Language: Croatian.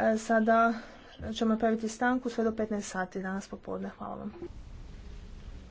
E, sada ćemo praviti stanku sve do 15 sati danas popodne. Hvala vam.